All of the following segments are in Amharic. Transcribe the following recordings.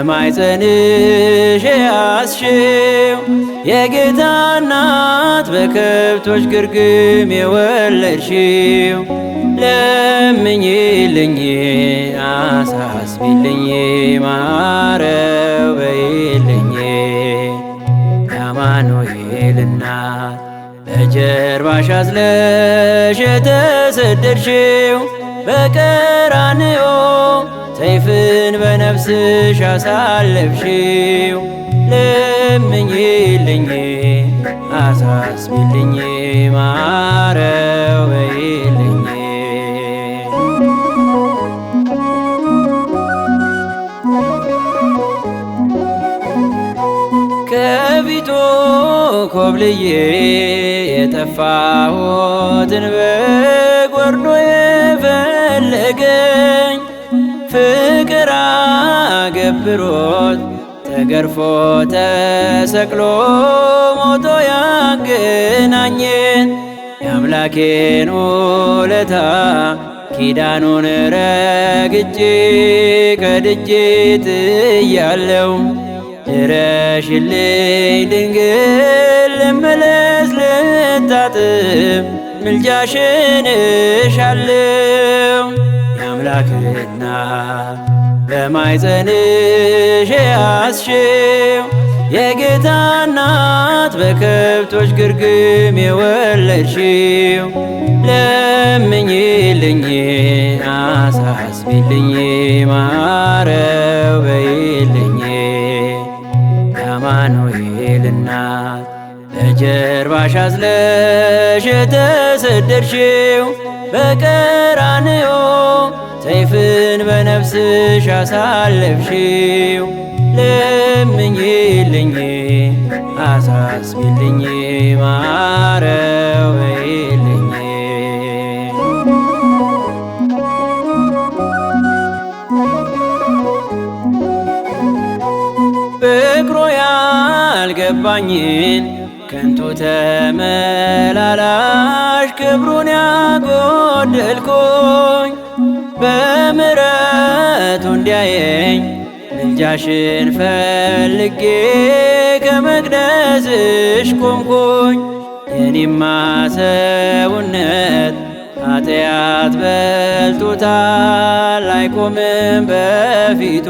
ከማይፀንሽ ያስሽው የጌታ እናት በከብቶች ግርግም የወለድሽው ለምኝልኝ አሳስቢልኝ ማረው በይልኝ የአማኑኤል እናት በጀርባሽ አዝለሽ የተሰደድሽው በቀራንዮ ሰይፍን በነፍስሽ አሳለፍሽው ለምኝልኝ አሳስቢልኝ ማረው በይልኝ ከፊቱ ኮብልዬ የጠፋሁትን በግ ወርዶ የፈለገኝ ፍቅር አገብሮት ተገርፎ ተሰቅሎ ሞቶ ያገናኘን የአምላኬን ውለታ ኪዳኑን ረግጄ ከድጄ ጥያለው ድረሽልኝ ድንግል ልመለስ ልታጥብ ምልጃሽን እሻለው አምላክና በማይፀንሽ ያስሽው የጌታ እናት በከብቶች ግርግም የወለድሽው ለምኝልኝ አሳስቢልኝ ማረው በይልኝ የአማኑኤል እናት በጀርባሽ አዝለሽ የተሰደድሽው በቀራንዮ ሰይፍን በነፍስሽ አሳለፍሽው ለምኝልኝ አሳስቢልኝ ማረው በይልኝ ፍቅሮ ያልገባኝን ከንቱ ተመላላሽ ክብሩን ያጎደልኩ በምሕረቱ እንዲያየኝ ምልጃሽን ፈልጌ ከመቅደስሽ ቆምኩኝ። የኔማ ሰውነት ኃጢአት በልቶታል፣ አይቆምም በፊቱ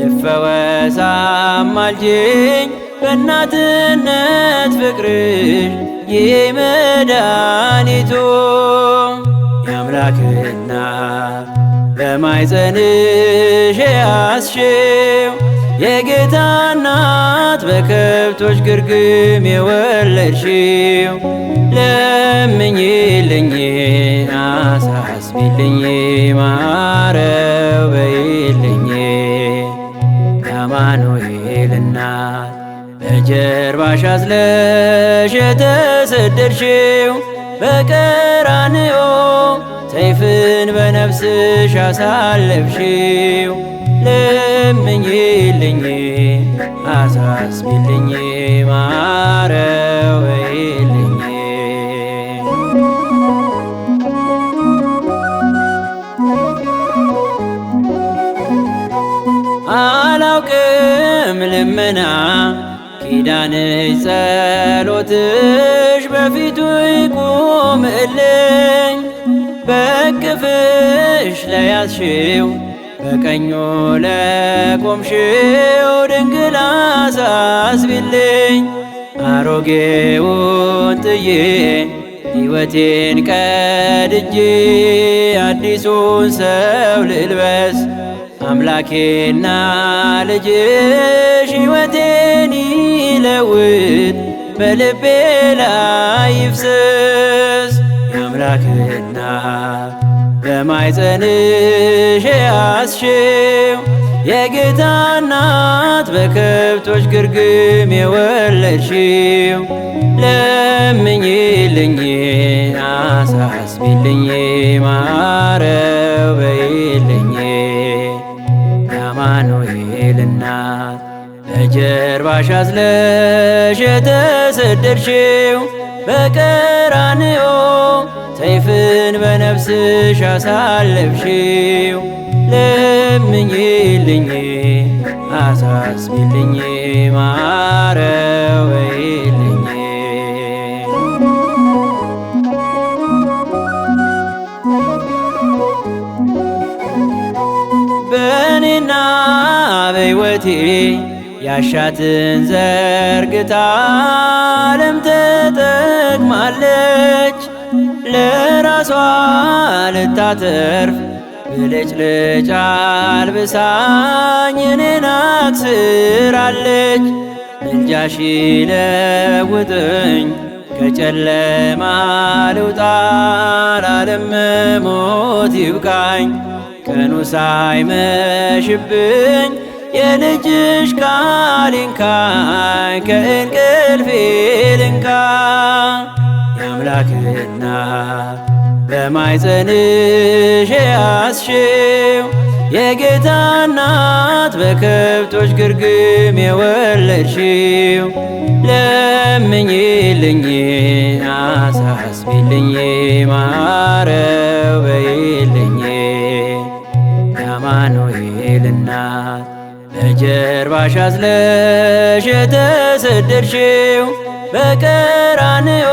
ልፈወስ አማልጅኝ በእናትነት ፍቅርሽ ይህ መድኃኒቱ አምላክና በማይፀንሽ ያስሽው የጌታ እናት በከብቶች ግርግም የወለድሽው ለምኝልኝ አሳስቢልኝ ማረው በይልኝ አማኑኤል እናት በጀርባሽ አዝለሽ የተሰደድሽው በቀራንዮ ሰይፍን በነፍስሽ አሳለፍሽው ለምኝልኝ አሳስቢልኝ ማረው ይልኝ አላውቅም ልመና ኪዳንሽ ጸሎትሽ በፊቱ ይቁምልኝ በቅፍሽ ለያዝሽው በቀኙ ለቆምሽው ድንግል አሳስቢልኝ አሮጌውን ጥዬ ሕይወቴን ቀድጄ አዲሱን ሰው ልልበስ አምላኬና ልጅሽ ሕይወቴን ይለውጥ በልቤ ላይ ይፍስስ የአምላክና በማይጸንሽ ያስሽው የጌታ እናት በከብቶች ግርግም የወለድሽው ለምኝልኝ አሳስቢልኝ ማረው በይልኝ የአማኑኤል እናት በጀርባሽ አዝለሽ የተሰደድሽው በቀራንዮ ሰይፍን በነፍስሽ አሳለፍሽው ለምኝልኝ አሳስቢልኝ ማረወይልኝ በእኔና በሕይወቴ ያሻትን ዘርግታ ዓለም ተጠቅማለች ለራሷ ልታተርፍ ብልጭልጭ አልብሳኝ እኔን አስራለች። መንጃሽ ለውጥኝ ከጨለማ ልውጣ ለዓለም ሞት ይብቃኝ። ቀኑ ሳይመሽብኝ የልጅሽ ቃል ንካኝ ከእንቅልፌ ልንቃ የአምላክ እናት በማይፀንሽ ያስሽው የጌታ እናት በከብቶች ግርግም የወለድሽው ለምኝልኝ አሳስቢልኝ ማረው በይልኝ የአማኑኤል እናት በጀርባሽ አዝለሽ የተሰደድሽው በቀራንዮ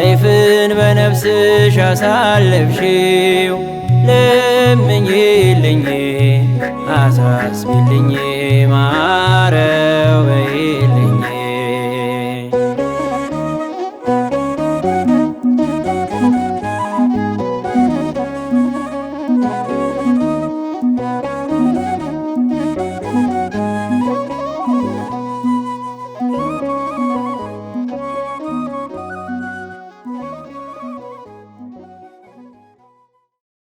ሰይፍን በነፍስሽ አሳለፍሽው ለምኝልኝ አሳስቢልኝ ማረ